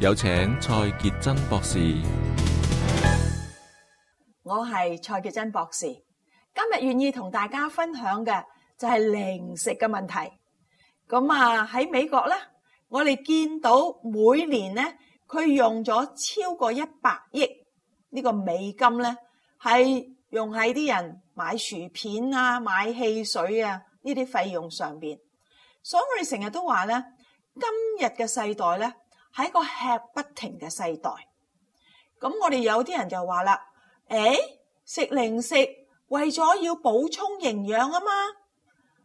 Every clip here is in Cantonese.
有請蔡潔真博士。我係蔡潔真博士，今日願意同大家分享嘅就係零食嘅問題。咁啊喺美國咧，我哋見到每年咧，佢用咗超過一百億呢個美金咧，係用喺啲人買薯片啊、買汽水啊呢啲費用上邊。所以我哋成日都話咧，今日嘅世代咧。喺個吃不停嘅世代，咁我哋有啲人就話啦，誒，食零食為咗要補充營養啊嘛。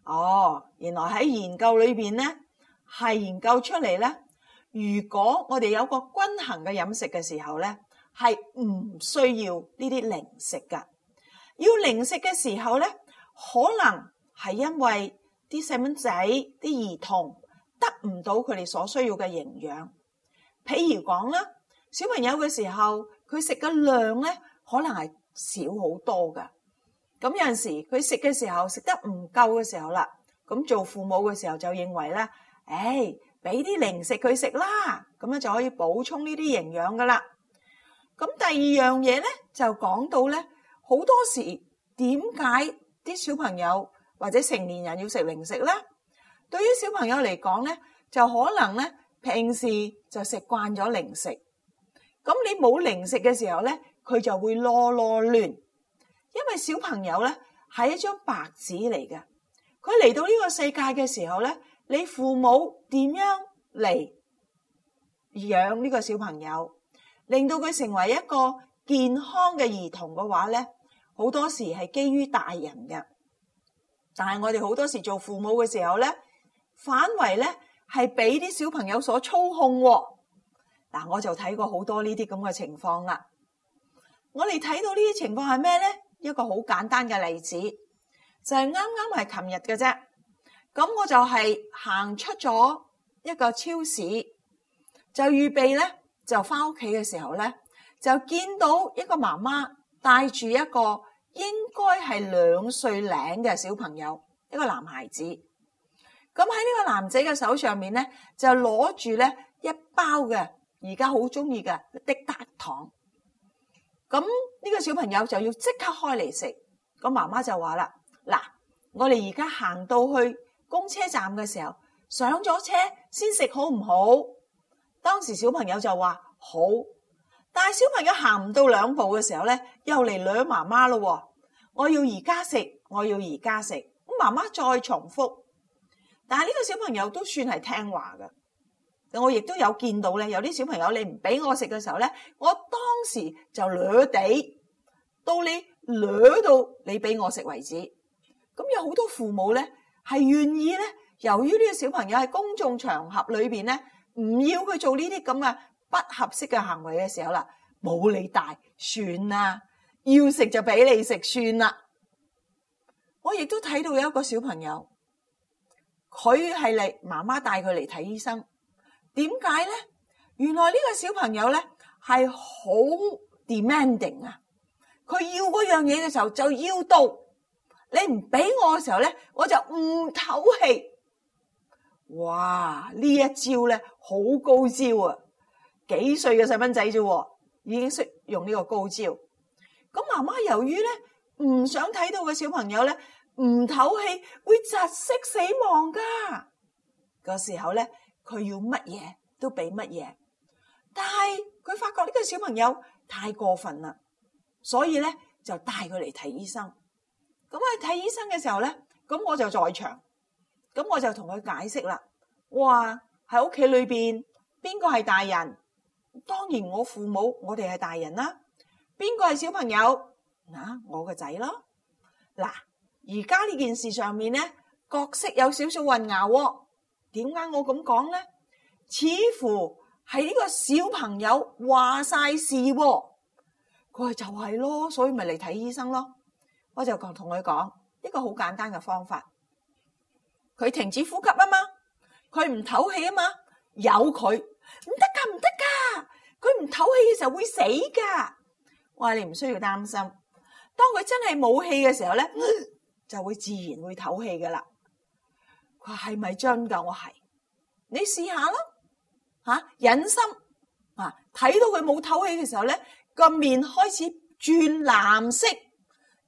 哦，原來喺研究裏邊咧，係研究出嚟咧，如果我哋有個均衡嘅飲食嘅時候咧，係唔需要呢啲零食噶。要零食嘅時候咧，可能係因為啲細蚊仔、啲兒童得唔到佢哋所需要嘅營養。譬如講啦，小朋友嘅時候，佢食嘅量咧，可能係少好多噶。咁有陣時佢食嘅時候食得唔夠嘅時候啦，咁做父母嘅時候就認為咧，誒、哎，俾啲零食佢食啦，咁樣就可以補充呢啲營養噶啦。咁第二樣嘢咧，就講到咧，好多時點解啲小朋友或者成年人要食零食咧？對於小朋友嚟講咧，就可能咧。平時就食慣咗零食，咁你冇零食嘅時候呢，佢就會囉囉亂。因為小朋友呢係一張白紙嚟嘅，佢嚟到呢個世界嘅時候呢，你父母點樣嚟養呢個小朋友，令到佢成為一個健康嘅兒童嘅話呢，好多時係基於大人嘅。但係我哋好多時做父母嘅時候呢，反為呢。係俾啲小朋友所操控，嗱，我就睇過好多呢啲咁嘅情況啦。我哋睇到呢啲情況係咩咧？一個好簡單嘅例子，就係啱啱係琴日嘅啫。咁我就係行出咗一個超市，就預備咧，就翻屋企嘅時候咧，就見到一個媽媽帶住一個應該係兩歲零嘅小朋友，一個男孩子。咁喺呢個男仔嘅手上面咧，就攞住咧一包嘅，而家好中意嘅滴答糖。咁呢個小朋友就要即刻開嚟食。個媽媽就話啦，嗱，我哋而家行到去公車站嘅時候，上咗車先食好唔好？當時小朋友就話好，但係小朋友行唔到兩步嘅時候咧，又嚟兩媽媽咯。我要而家食，我要而家食。咁媽媽再重複。但係呢個小朋友都算係聽話嘅，我亦都有見到咧，有啲小朋友你唔俾我食嘅時候咧，我當時就掠地到你掠到你俾我食為止。咁有好多父母咧係願意咧，由於呢個小朋友喺公眾場合裏邊咧，唔要佢做呢啲咁嘅不合適嘅行為嘅時候啦，冇你大，算啦，要食就俾你食算啦。我亦都睇到有一個小朋友。佢係嚟媽媽帶佢嚟睇醫生，點解咧？原來呢個小朋友咧係好 demanding 啊！佢要嗰樣嘢嘅時候就要到，你唔俾我嘅時候咧，我就唔唞氣。哇！呢一招咧好高招啊！幾歲嘅細蚊仔啫，已經識用呢個高招。咁媽媽由於咧唔想睇到嘅小朋友咧。唔唞氣會窒息死亡噶，嗰、那個、時候咧，佢要乜嘢都俾乜嘢，但係佢發覺呢個小朋友太過分啦，所以咧就帶佢嚟睇醫生。咁去睇醫生嘅時候咧，咁我就在場，咁我就同佢解釋啦。我話喺屋企裏邊邊個係大人？當然我父母我哋係大人啦，邊個係小朋友？嗱，我個仔咯，嗱。而家呢件事上面咧，角色有少少混淆。點解我咁講咧？似乎係呢個小朋友話晒事。佢話就係咯，所以咪嚟睇醫生咯。我就同同佢講一個好簡單嘅方法，佢停止呼吸啊嘛，佢唔唞氣啊嘛，由佢唔得噶，唔得噶，佢唔唞氣嘅時候會死噶。我話你唔需要擔心，當佢真係冇氣嘅時候咧。嗯就會自然會透氣噶啦。佢係咪真噶？我係，你試下啦，吓、啊、忍心。啊，睇到佢冇透氣嘅時候咧，個面開始轉藍色，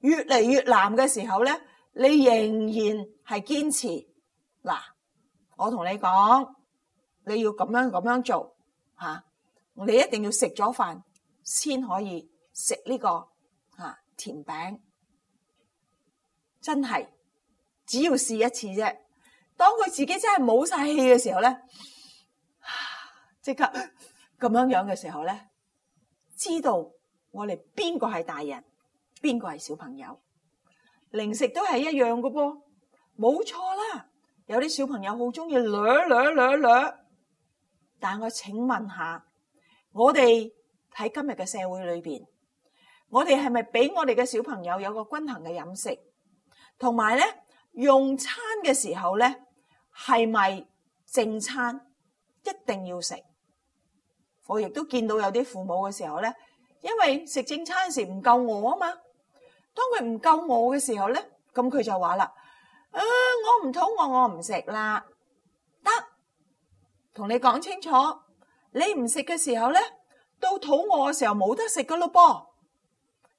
越嚟越藍嘅時候咧，你仍然係堅持。嗱、啊，我同你講，你要咁樣咁樣做，吓、啊，你一定要食咗飯先可以食呢、這個吓、啊、甜餅。真係只要試一次啫。當佢自己真係冇晒氣嘅時候咧，即刻咁樣樣嘅時候咧，知道我哋邊個係大人，邊個係小朋友。零食都係一樣嘅噃，冇錯啦。有啲小朋友好中意掠掠掠掠，但我請問下，我哋喺今日嘅社會裏邊，我哋係咪俾我哋嘅小朋友有個均衡嘅飲食？同埋咧，用餐嘅時候咧，係咪正餐一定要食？我亦都見到有啲父母嘅時候咧，因為食正餐時唔夠餓啊嘛。當佢唔夠餓嘅時候咧，咁佢就話啦：啊，我唔肚餓，我唔食啦。得，同你講清楚，你唔食嘅時候咧，到肚餓嘅時候冇得食噶咯噃。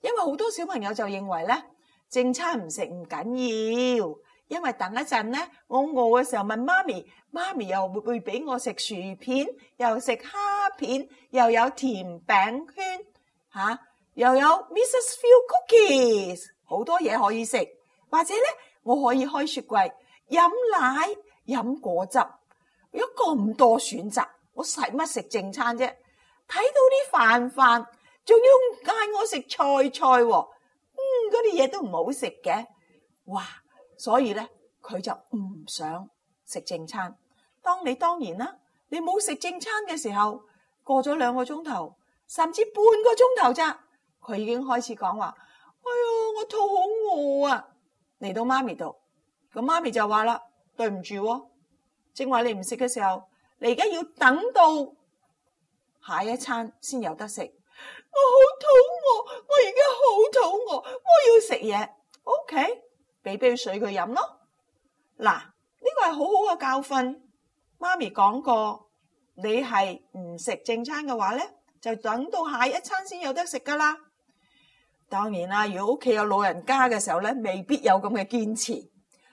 因為好多小朋友就認為咧。正餐唔食唔緊要，因為等一陣咧，我餓嘅時候問媽咪，媽咪又會會俾我食薯片，又食蝦片，又有甜餅圈，吓，又有 Mrs. Fields Cookies，好多嘢可以食。或者咧，我可以開雪櫃，飲奶，飲果汁，有咁多選擇，我使乜食正餐啫？睇到啲飯飯，仲要嗌我食菜菜喎。嗰啲嘢都唔好食嘅，哇！所以咧，佢就唔想食正餐。當你當然啦，你冇食正餐嘅時候，過咗兩個鐘頭，甚至半個鐘頭咋，佢已經開始講話：哎呀，我肚好餓啊！嚟到媽咪度，咁媽咪就話啦：對唔住喎，正話你唔食嘅時候，你而家要等到下一餐先有得食。我好肚餓，我而家好肚餓，我要食嘢。OK，俾杯水佢飲咯。嗱，呢個係好好嘅教訓。媽咪講過，你係唔食正餐嘅話咧，就等到下一餐先有得食噶啦。當然啦，如果屋企有老人家嘅時候咧，未必有咁嘅堅持。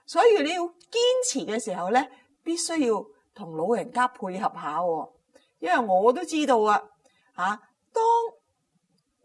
所以你要堅持嘅時候咧，必須要同老人家配合下。因為我都知道啊，吓當。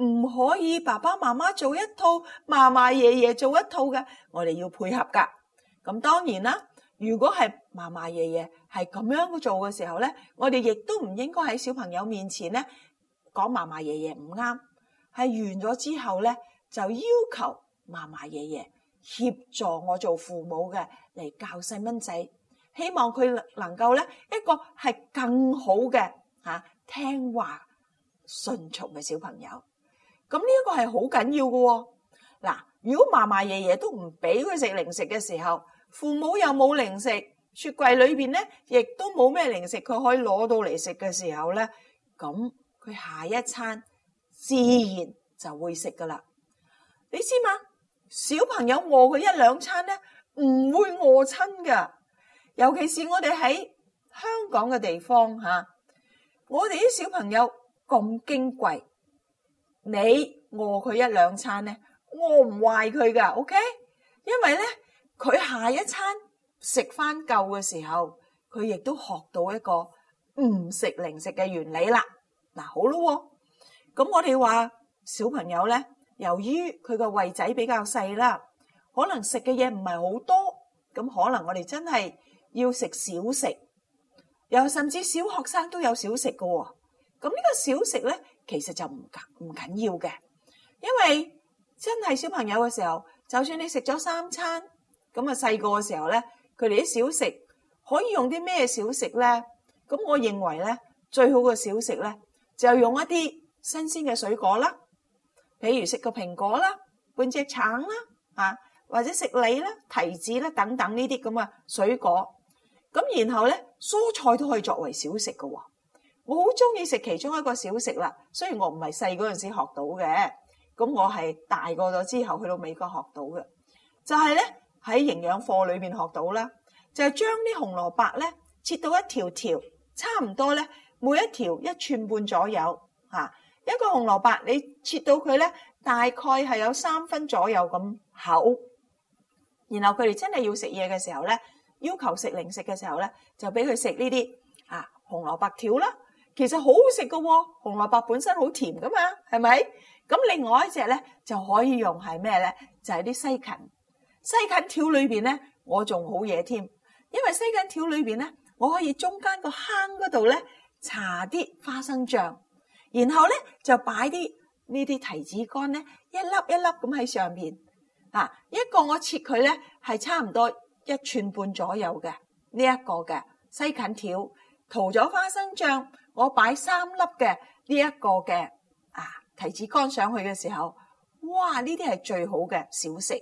唔可以，爸爸媽媽做一套，嫲嫲爺爺做一套嘅。我哋要配合噶。咁當然啦，如果係嫲嫲爺爺係咁樣做嘅時候咧，我哋亦都唔應該喺小朋友面前咧講嫲嫲爺爺唔啱。係完咗之後咧，就要求嫲嫲爺爺協助我做父母嘅嚟教細蚊仔，希望佢能夠咧一個係更好嘅嚇聽話順從嘅小朋友。咁呢一個係好緊要嘅喎，嗱，如果嫲嫲爺爺都唔俾佢食零食嘅時候，父母又冇零食，雪櫃裏邊咧亦都冇咩零食，佢可以攞到嚟食嘅時候咧，咁佢下一餐自然就會食噶啦。你知嘛？小朋友餓佢一兩餐咧，唔會餓親嘅，尤其是我哋喺香港嘅地方嚇、啊，我哋啲小朋友咁矜貴。你餓佢一兩餐咧，餓唔壞佢噶，OK？因為咧，佢下一餐食翻夠嘅時候，佢亦都學到一個唔食零食嘅原理啦。嗱，好咯，咁我哋話小朋友咧，由於佢個胃仔比較細啦，可能食嘅嘢唔係好多，咁可能我哋真係要食小食，又甚至小學生都有小食噶，咁呢個小食咧。其實就唔緊唔緊要嘅，因為真係小朋友嘅時候，就算你食咗三餐，咁啊細個嘅時候咧，佢哋啲小食可以用啲咩小食咧？咁我認為咧，最好嘅小食咧就用一啲新鮮嘅水果啦，譬如食個蘋果啦、半隻橙啦啊，或者食梨啦、提子啦等等呢啲咁嘅水果。咁然後咧，蔬菜都可以作為小食嘅喎。我好鍾意食其中一個小食啦,雖然我唔係細嗰陣時學到嘅,咁我係大個咗之後去到美國學到嘅。就係呢,喺營養課裏面學到啦,就係將啲紅蘿卜呢,切到一條條,差唔多呢,每一條,一寸半左右,一個紅蘿卜你切到佢呢,大概係有三分左右咁厚。然後佢哋真係要食嘢嘅時候呢,要求食零食嘅時候呢,就俾佢食呢啲,啊,紅蘿卜條啦,其實好好食㗎喎，紅蘿蔔本身好甜㗎嘛，係咪？咁另外一隻咧就可以用係咩咧？就係啲西芹，西芹條裏邊咧，我仲好嘢添，因為西芹條裏邊咧，我可以中間個坑嗰度咧，搽啲花生醬，然後咧就擺啲呢啲提子乾咧，一粒一粒咁喺上邊。啊，一個我切佢咧係差唔多一吋半左右嘅呢一個嘅西芹條，塗咗花生醬。我擺三粒嘅呢一個嘅啊提子乾上去嘅時候，哇！呢啲係最好嘅小食，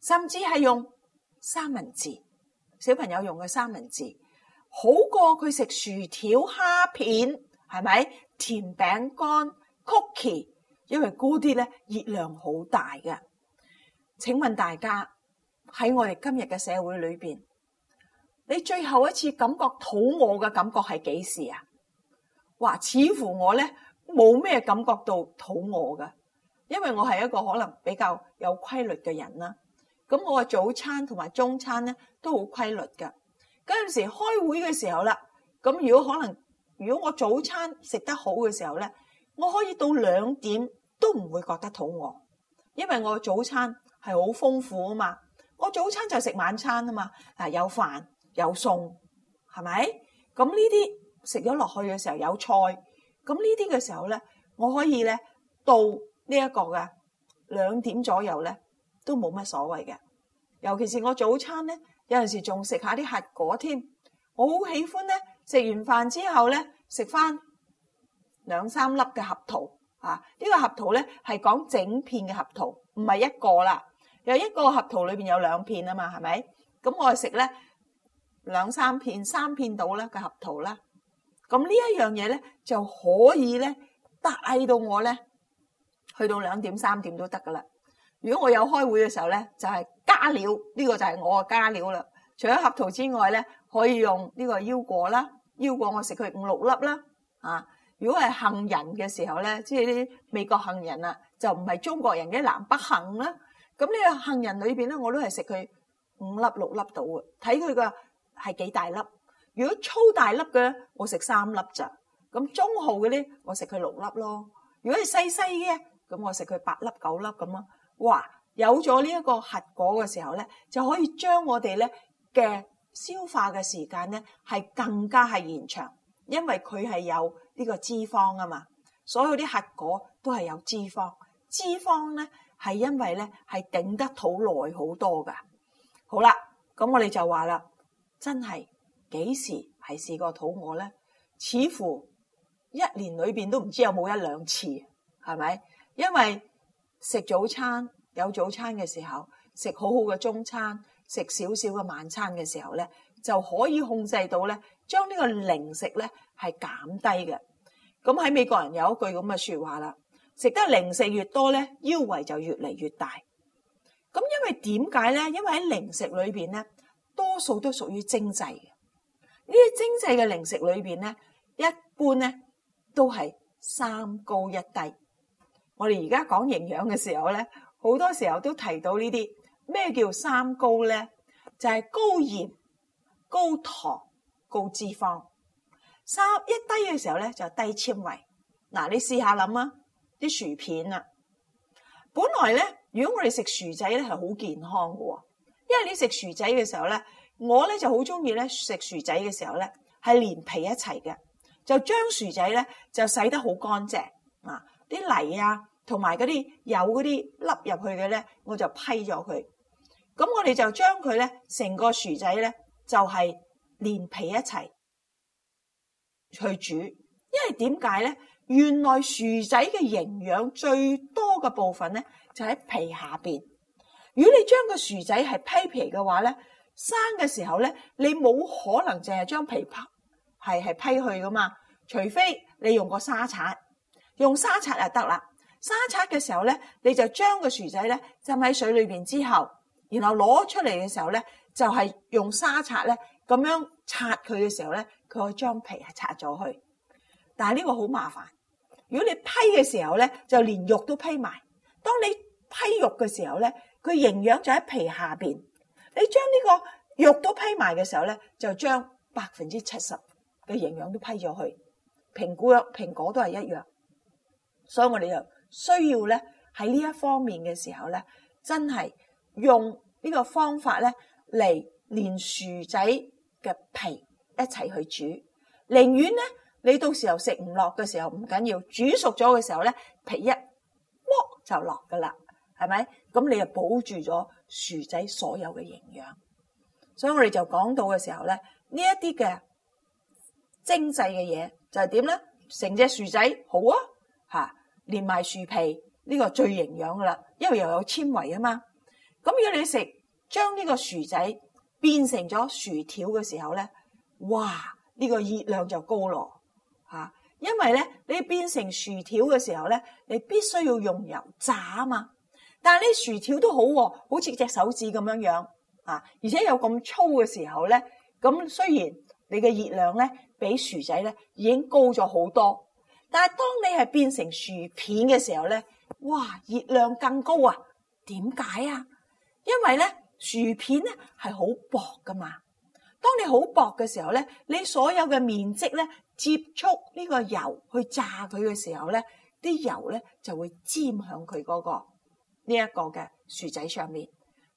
甚至係用三文治小朋友用嘅三文治，好過佢食薯條、蝦片，係咪甜餅乾、曲奇？因為嗰啲咧熱量好大㗎。請問大家喺我哋今日嘅社會裏邊，你最後一次感覺肚餓嘅感覺係幾時啊？哇，似乎我咧冇咩感覺到肚餓噶，因為我係一個可能比較有規律嘅人啦。咁我嘅早餐同埋中餐咧都好規律噶。嗰陣時開會嘅時候啦，咁如果可能，如果我早餐食得好嘅時候咧，我可以到兩點都唔會覺得肚餓，因為我早餐係好豐富啊嘛。我早餐就食晚餐啊嘛，啊有飯有餸，係咪？咁呢啲。食咗落去嘅時候有菜，咁呢啲嘅時候咧，我可以咧到呢一個嘅兩點左右咧，都冇乜所謂嘅。尤其是我早餐咧，有陣時仲食下啲核果添。我好喜歡咧，食完飯之後咧，食翻兩三粒嘅核桃啊！呢個核桃咧係講整片嘅核桃，唔係一個啦。有一個核桃裏邊有兩片啊嘛，係咪？咁我係食咧兩三片，三片到啦嘅核桃啦。咁呢一樣嘢咧，就可以咧帶到我咧，去到兩點三點都得噶啦。如果我有開會嘅時候咧，就係、是、加料，呢、這個就係我嘅加料啦。除咗核桃之外咧，可以用呢個腰果啦，腰果我食佢五六粒啦。啊，如果係杏仁嘅時候咧，即係啲美國杏仁啊，就唔係中國人嘅南北杏啦。咁呢個杏仁裏邊咧，我都係食佢五粒六粒到嘅，睇佢個係幾大粒。如果粗大粒嘅，我食三粒咋；咁中號嘅咧，我食佢六粒咯。如果係細細嘅，咁我食佢八粒九粒咁咯。哇！有咗呢一個核果嘅時候咧，就可以將我哋咧嘅消化嘅時間咧，係更加係延長，因為佢係有呢個脂肪啊嘛。所有啲核果都係有脂肪，脂肪咧係因為咧係頂得肚耐好多噶。好啦，咁我哋就話啦，真係。幾時係試過肚餓咧？似乎一年裏邊都唔知有冇一兩次，係咪？因為食早餐有早餐嘅時候，食好好嘅中餐，食少少嘅晚餐嘅時候咧，就可以控制到咧，將呢個零食咧係減低嘅。咁喺美國人有一句咁嘅説話啦，食得零食越多咧，腰圍就越嚟越大。咁因為點解咧？因為喺零食裏邊咧，多數都屬於精製嘅。呢啲精製嘅零食裏邊咧，一般咧都係三高一低。我哋而家講營養嘅時候咧，好多時候都提到呢啲咩叫三高咧？就係高鹽、高糖、高脂肪。三一低嘅時候咧，就係低纖維。嗱，你試下諗啊，啲薯片啊，本來咧，如果我哋食薯仔咧，係好健康嘅喎，因為你食薯仔嘅時候咧。我咧就好中意咧食薯仔嘅時候咧，係連皮一齊嘅，就將薯仔咧就洗得好乾淨啊！啲泥啊，同埋嗰啲有嗰啲粒入去嘅咧，我就批咗佢。咁我哋就將佢咧成個薯仔咧就係連皮一齊去煮。因為點解咧？原來薯仔嘅營養最多嘅部分咧就喺皮下邊。如果你將個薯仔係批皮嘅話咧，生嘅時候咧，你冇可能淨係將皮拍，係係批去噶嘛？除非你用個沙刷，用沙刷就得啦。沙刷嘅時候咧，你就將個薯仔咧浸喺水裏邊之後，然後攞出嚟嘅時候咧，就係用沙刷咧咁樣擦佢嘅時候咧，佢可以將皮係擦咗去。但係呢個好麻煩。如果你批嘅時候咧，就連肉都批埋。當你批肉嘅時候咧，佢營養就喺皮下邊。你將呢個肉都批埋嘅時候咧，就將百分之七十嘅營養都批咗去。蘋果，蘋果都係一樣，所以我哋就需要咧喺呢一方面嘅時候咧，真係用呢個方法咧嚟連薯仔嘅皮一齊去煮。寧願咧你到時候食唔落嘅時候唔緊要，煮熟咗嘅時候咧，皮一剝就落噶啦，係咪？咁你就保住咗。薯仔所有嘅營養，所以我哋就講到嘅時候咧，呢一啲嘅精製嘅嘢就係點咧？成隻薯仔好啊，吓、啊、連埋薯皮呢、呢個最營養噶啦，因為又有纖維啊嘛。咁、嗯、如果你食將呢個薯仔變成咗薯條嘅時候咧，哇！呢、呢個熱量就高咯，吓、啊，因為咧你變成薯條嘅時候咧，你必須要用油炸啊嘛。但係呢薯條都好喎、啊，好似隻手指咁樣樣啊，而且有咁粗嘅時候咧，咁雖然你嘅熱量咧比薯仔咧已經高咗好多，但係當你係變成薯片嘅時候咧，哇，熱量更高啊！點解啊？因為咧薯片咧係好薄㗎嘛，當你好薄嘅時候咧，你所有嘅面積咧接觸呢個油去炸佢嘅時候咧，啲油咧就會沾向佢嗰、那個。呢一個嘅薯仔上面，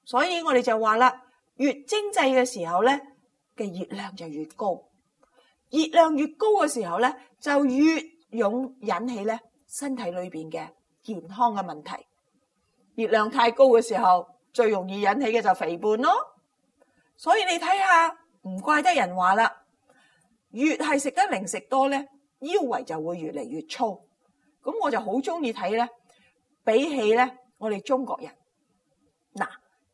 所以我哋就話啦，越精製嘅時候咧嘅熱量就越高，熱量越高嘅時候咧就越容易引起咧身體裏邊嘅健康嘅問題。熱量太高嘅時候，最容易引起嘅就肥胖咯。所以你睇下，唔怪得人話啦，越係食得零食多咧，腰圍就會越嚟越粗。咁我就好中意睇咧，比起咧。我哋中國人嗱，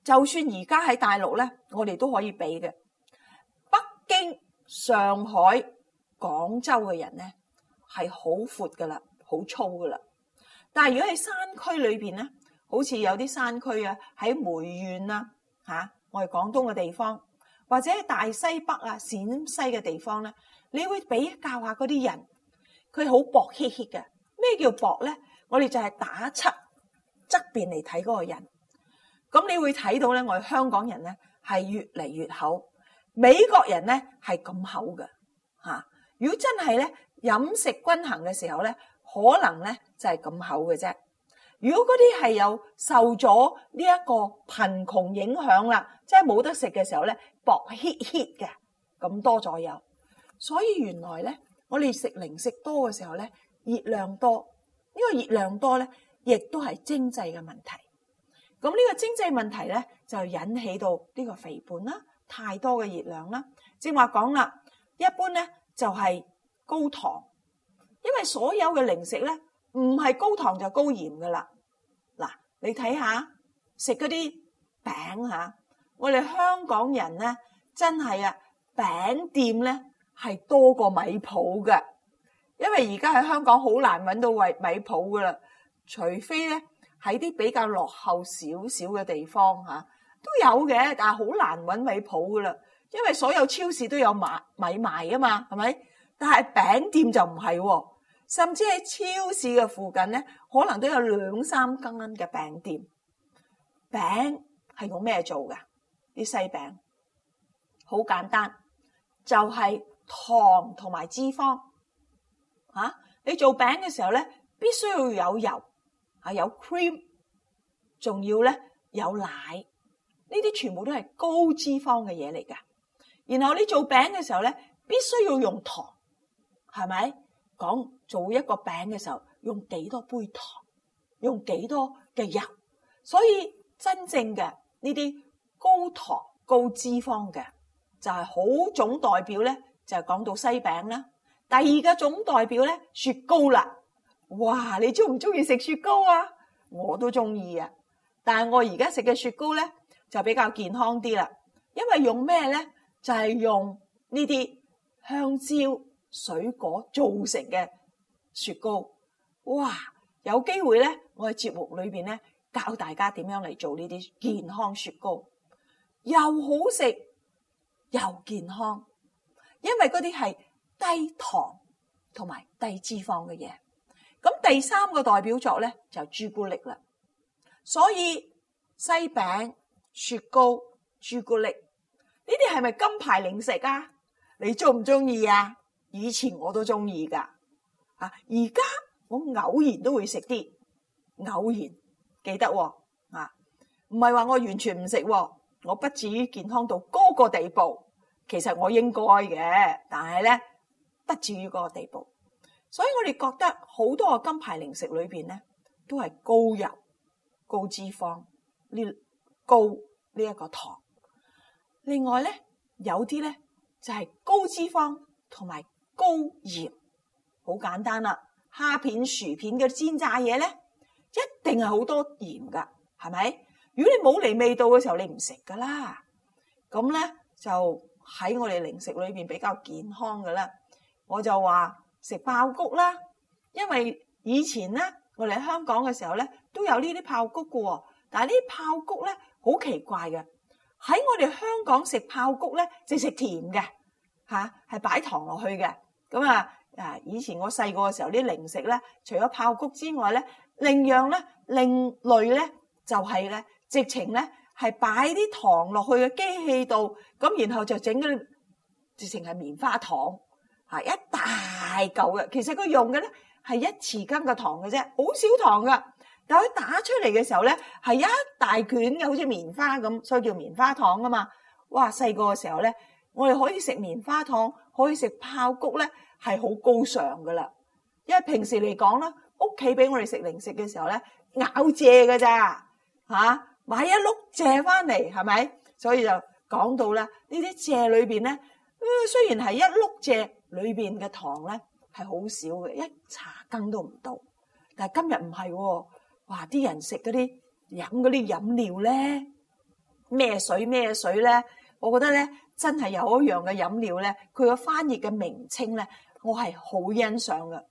就算而家喺大陸咧，我哋都可以比嘅。北京、上海、廣州嘅人咧係好闊噶啦，好粗噶啦。但係如果喺山區裏邊咧，好似有啲山區啊，喺梅縣啊，嚇、啊，我哋廣東嘅地方，或者喺大西北啊、陝西嘅地方咧，你會比較下嗰啲人，佢好薄怯怯嘅。咩叫薄咧？我哋就係打七。側邊嚟睇嗰個人，咁你會睇到咧，我哋香港人咧係越嚟越厚，美國人咧係咁厚嘅嚇、啊。如果真係咧飲食均衡嘅時候咧，可能咧就係、是、咁厚嘅啫。如果嗰啲係有受咗呢一個貧窮影響啦，即係冇得食嘅時候咧，薄 het het 嘅咁多咗有。所以原來咧，我哋食零食多嘅時候咧，熱量多，呢個熱量多咧。亦都係經濟嘅問題，咁呢個經濟問題咧就引起到呢個肥胖啦，太多嘅熱量啦。正話講啦，一般咧就係高糖，因為所有嘅零食咧唔係高糖就高鹽噶啦。嗱，你睇下食嗰啲餅吓，我哋香港人咧真係啊餅店咧係多過米鋪嘅，因為而家喺香港好難揾到位米鋪噶啦。除非咧喺啲比較落後少少嘅地方嚇，都有嘅，但係好難揾米鋪噶啦，因為所有超市都有米賣啊嘛，係咪？但係餅店就唔係喎，甚至喺超市嘅附近咧，可能都有兩三間嘅餅店。餅係用咩做㗎？啲西餅好簡單，就係、是、糖同埋脂肪。嚇、啊，你做餅嘅時候咧，必須要有油。啊有 cream，仲要咧有奶，呢啲全部都係高脂肪嘅嘢嚟噶。然後你做餅嘅時候咧，必須要用糖，係咪？講，做一個餅嘅時候，用幾多杯糖，用幾多嘅油。所以真正嘅呢啲高糖高脂肪嘅，就係、是、好總代表咧，就係、是、講到西餅啦。第二個總代表咧，雪糕啦。哇！你中唔中意食雪糕啊？我都中意啊！但係我而家食嘅雪糕咧，就比較健康啲啦。因為用咩咧？就係用呢啲香蕉水果做成嘅雪糕。哇！有機會咧，我喺節目裏邊咧教大家點樣嚟做呢啲健康雪糕，又好食又健康。因為嗰啲係低糖同埋低脂肪嘅嘢。咁第三個代表作咧就係朱古力啦，所以西餅、雪糕、朱古力呢啲係咪金牌零食啊？你中唔中意啊？以前我都中意噶，啊而家我偶然都會食啲，偶然記得喎、啊，啊唔係話我完全唔食、啊，我不至於健康到嗰個地步，其實我應該嘅，但係咧不至於嗰個地步。所以我哋覺得好多個金牌零食裏邊咧，都係高油、高脂肪呢、高呢一個糖。另外咧，有啲咧就係高脂肪同埋高鹽，好簡單啦。蝦片、薯片嘅煎炸嘢咧，一定係好多鹽噶，係咪？如果你冇嚟味道嘅時候，你唔食噶啦。咁咧就喺我哋零食裏邊比較健康嘅啦，我就話。食爆谷啦，因為以前咧，我哋喺香港嘅時候咧，都有呢啲爆谷嘅。但係呢啲爆谷咧，好奇怪嘅。喺我哋香港食爆谷咧，淨食甜嘅，吓係擺糖落去嘅。咁啊，啊以前我細個嘅時候啲零食咧，除咗爆谷之外咧，另樣咧，另類咧，就係咧，直情咧係擺啲糖落去嘅機器度，咁然後就整嘅直情係棉花糖，吓一啖。大嚿嘅，其實佢用嘅咧係一匙羹嘅糖嘅啫，好少糖噶。但佢打出嚟嘅時候咧，係一大卷嘅，好似棉花咁，所以叫棉花糖啊嘛。哇！細個嘅時候咧，我哋可以食棉花糖，可以食泡谷咧，係好高尚噶啦。因為平時嚟講咧，屋企俾我哋食零食嘅時候咧，咬蔗噶咋嚇，買一碌蔗翻嚟係咪？所以就講到啦，呢啲蔗裏邊咧，雖然係一碌蔗。裏邊嘅糖咧係好少嘅，一茶羹都唔到。但係今日唔係喎，哇！啲人食嗰啲飲嗰啲飲料咧，咩水咩水咧？我覺得咧，真係有一樣嘅飲料咧，佢個翻譯嘅名稱咧，我係好欣賞嘅。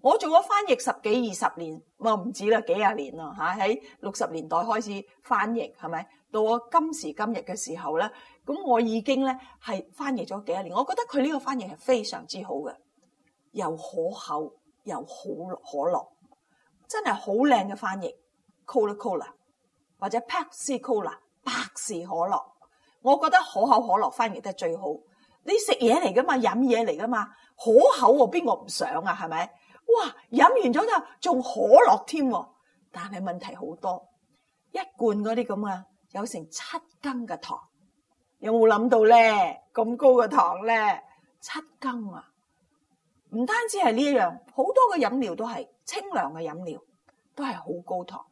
我做咗翻譯十幾二十年，我唔止啦，幾廿年啦嚇，喺六十年代開始翻譯，係咪？到我今時今日嘅時候咧，咁我已經咧係翻譯咗幾多年。我覺得佢呢個翻譯係非常之好嘅，又可口又好可樂，真係好靚嘅翻譯。Coca Cola 或者 Pepsi Cola 百事可樂，我覺得可口可樂翻譯得最好。你食嘢嚟噶嘛，飲嘢嚟噶嘛，可口我邊個唔想啊？係咪？哇！飲完咗就仲可樂添。但係問題好多，一罐嗰啲咁啊～有成七斤嘅糖，有冇諗到咧？咁高嘅糖咧，七斤啊！唔單止係呢樣，好多嘅飲料都係清涼嘅飲料，都係好高糖，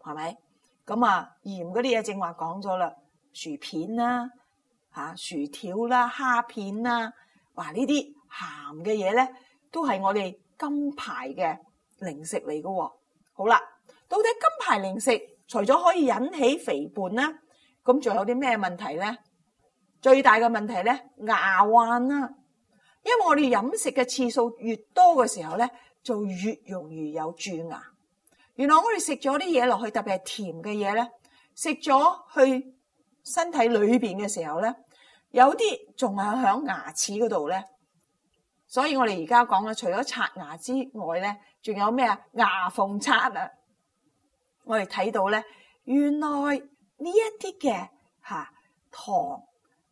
係咪？咁啊，鹽嗰啲嘢正話講咗啦，薯片啦、啊，吓、啊、薯條啦、啊，蝦片啦、啊，哇！呢啲鹹嘅嘢咧，都係我哋金牌嘅零食嚟㗎、啊。好啦，到底金牌零食？除咗可以引起肥胖啦，咁仲有啲咩問題咧？最大嘅問題咧，牙患啦。因為我哋飲食嘅次數越多嘅時候咧，就越容易有蛀牙。原來我哋食咗啲嘢落去，特別係甜嘅嘢咧，食咗去身體裏邊嘅時候咧，有啲仲係響牙齒嗰度咧。所以我哋而家講啦，除咗刷牙之外咧，仲有咩啊？牙縫刷啊！我哋睇到咧，原來呢一啲嘅嚇糖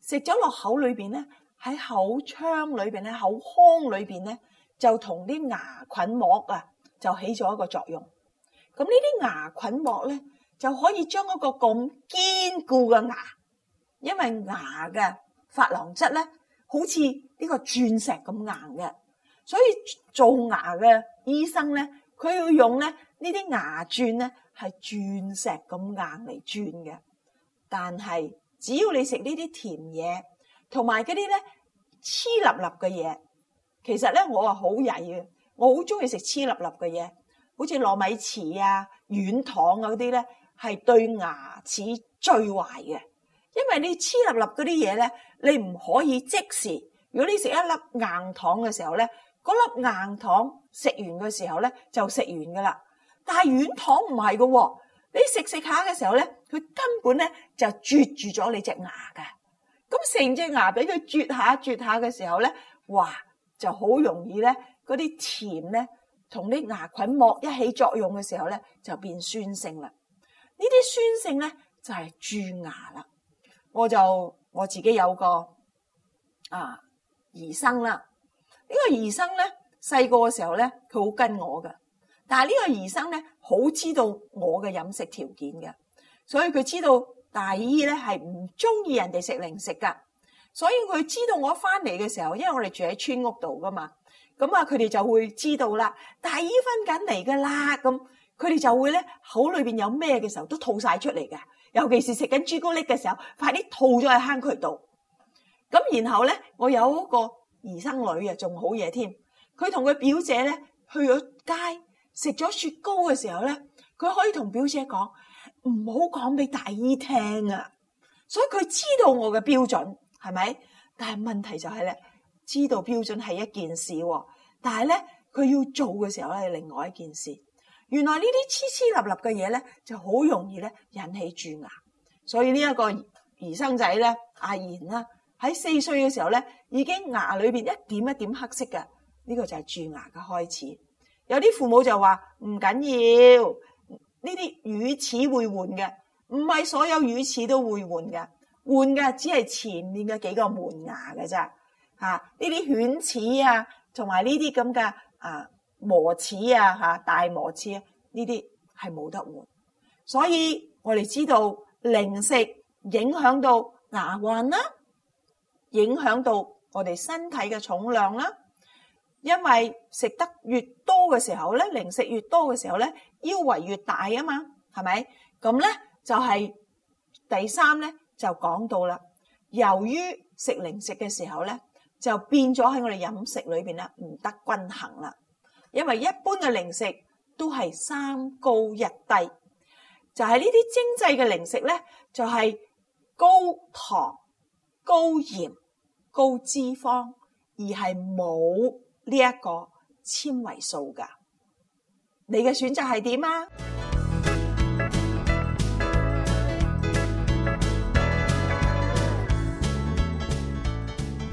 食咗落口裏邊咧，喺口腔裏邊咧，口腔裏邊咧就同啲牙菌膜啊就起咗一個作用。咁呢啲牙菌膜咧就可以將一個咁堅固嘅牙，因為牙嘅琺瑯質咧好似呢個鑽石咁硬嘅，所以做牙嘅醫生咧，佢要用咧呢啲牙鑽咧。係鑽石咁硬嚟鑽嘅，但係只要你食呢啲甜嘢，同埋嗰啲咧黐粒粒嘅嘢，其實咧我啊好曳嘅，我好中意食黐粒粒嘅嘢，好似糯米糍啊、軟糖啊嗰啲咧，係對牙齒最壞嘅，因為你黐粒粒嗰啲嘢咧，你唔可以即時。如果你食一粒硬糖嘅時候咧，嗰粒硬糖食完嘅時候咧，就食完㗎喇。但係軟糖唔係嘅喎，你食食下嘅時候咧，佢根本咧就絕住咗你隻牙嘅。咁成隻牙俾佢絕下絕下嘅時候咧，哇，就好容易咧，嗰啲甜咧同啲牙菌膜一起作用嘅時候咧，就變酸性啦。呢啲酸性咧就係蛀牙啦。我就我自己有個啊醫生啦，呢個、兒生呢個醫生咧細個嘅時候咧，佢好跟我嘅。但係呢個姨甥咧，好知道我嘅飲食條件嘅，所以佢知道大姨咧係唔中意人哋食零食嘅，所以佢知道我翻嚟嘅時候，因為我哋住喺村屋度噶嘛，咁啊佢哋就會知道啦。大姨返緊嚟噶啦，咁佢哋就會咧，口裏邊有咩嘅時候都吐晒出嚟嘅，尤其是食緊朱古力嘅時候，快啲吐咗喺坑渠度。咁然後咧，我有個姨甥女啊，仲好嘢添，佢同佢表姐咧去咗街。食咗雪糕嘅時候咧，佢可以同表姐講唔好講俾大姨聽啊。所以佢知道我嘅標準係咪？但係問題就係咧，知道標準係一件事，但係咧佢要做嘅時候咧，係另外一件事。原來呢啲黐黐立立嘅嘢咧，就好容易咧引起蛀牙。所以呢一個兒生仔咧，阿賢啦，喺四歲嘅時候咧，已經牙裏邊一點一點黑色嘅，呢個就係蛀牙嘅開始。有啲父母就話唔緊要，呢啲乳齒會換嘅，唔係所有乳齒都會換嘅，換嘅只係前面嘅幾個門牙嘅啫。吓，呢啲犬齒啊，同埋呢啲咁嘅啊磨齒啊吓、啊、大磨齒呢啲係冇得換。所以我哋知道零食影響到牙患啦、啊，影響到我哋身體嘅重量啦、啊。因為食得越多嘅時候咧，零食越多嘅時候咧，腰圍越大啊嘛，係咪咁咧？就係第三咧，就講到啦。由於食零食嘅時候咧，就變咗喺我哋飲食裏邊啦，唔得均衡啦。因為一般嘅零食都係三高一低，就係呢啲精製嘅零食咧，就係高糖、高鹽、高脂肪，而係冇，呢一個纖維素㗎，你嘅選擇係點啊？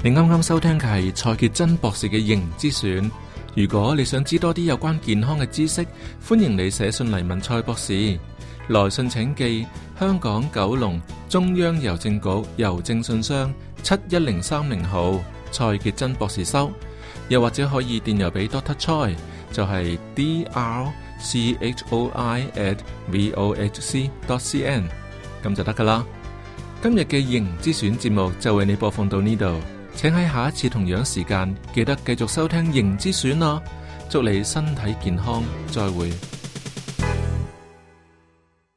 你啱啱收聽嘅係蔡潔真博士嘅《形之選》。如果你想知多啲有關健康嘅知識，歡迎你寫信嚟問蔡博士。來信請寄香港九龍中央郵政局郵政信箱七一零三零號，蔡潔真博士收。又或者可以電郵俾 Dr. Choi，就係 d r c h o i at v o h c dot c n，咁就得噶啦。今日嘅型之選節目就為你播放到呢度，請喺下一次同樣時間記得繼續收聽型之選啦。祝你身體健康，再會。